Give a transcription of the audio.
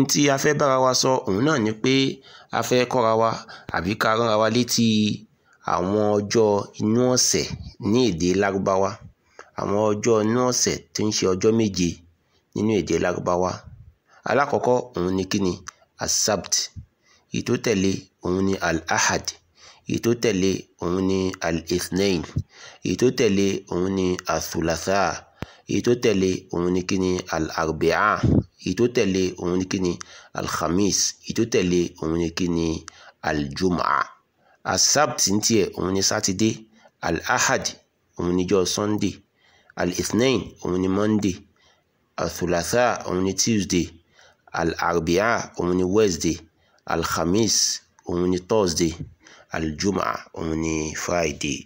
n tí a fẹ́ bára wa sọ òun náà ni pé a fẹ́ kọ́ra wa àbí ká rán ra wa létí àwọn ọjọ́ inú ọ̀sẹ̀ ní èdè lárúbáwá àwọn ọjọ́ inú ọ̀sẹ̀ tó ń ṣe ọjọ́ méje nínú èdè lárúbáwá alákọ̀ọ́kọ́ òun ni kíni asabt èyí tó tẹ̀lé òun ni al-ahad èyí tó tẹ̀lé òun ni al èyí tó tẹ̀lé òun ni athulatha èyí tó tẹ̀lé òun ni kíni al èyí tó tẹ̀lé òun ni kíni alhamis èyí tó tẹ̀lé òun ni kíni aljum'a asabt ní tiẹ̀ òun ni sátidé alahad òun ni jọ́ sunday alithnain òun ni monday althulatha òun ni tuesday alarbia òun ni wednesday alhamis òun ni thursday aljum'a òun ni friday.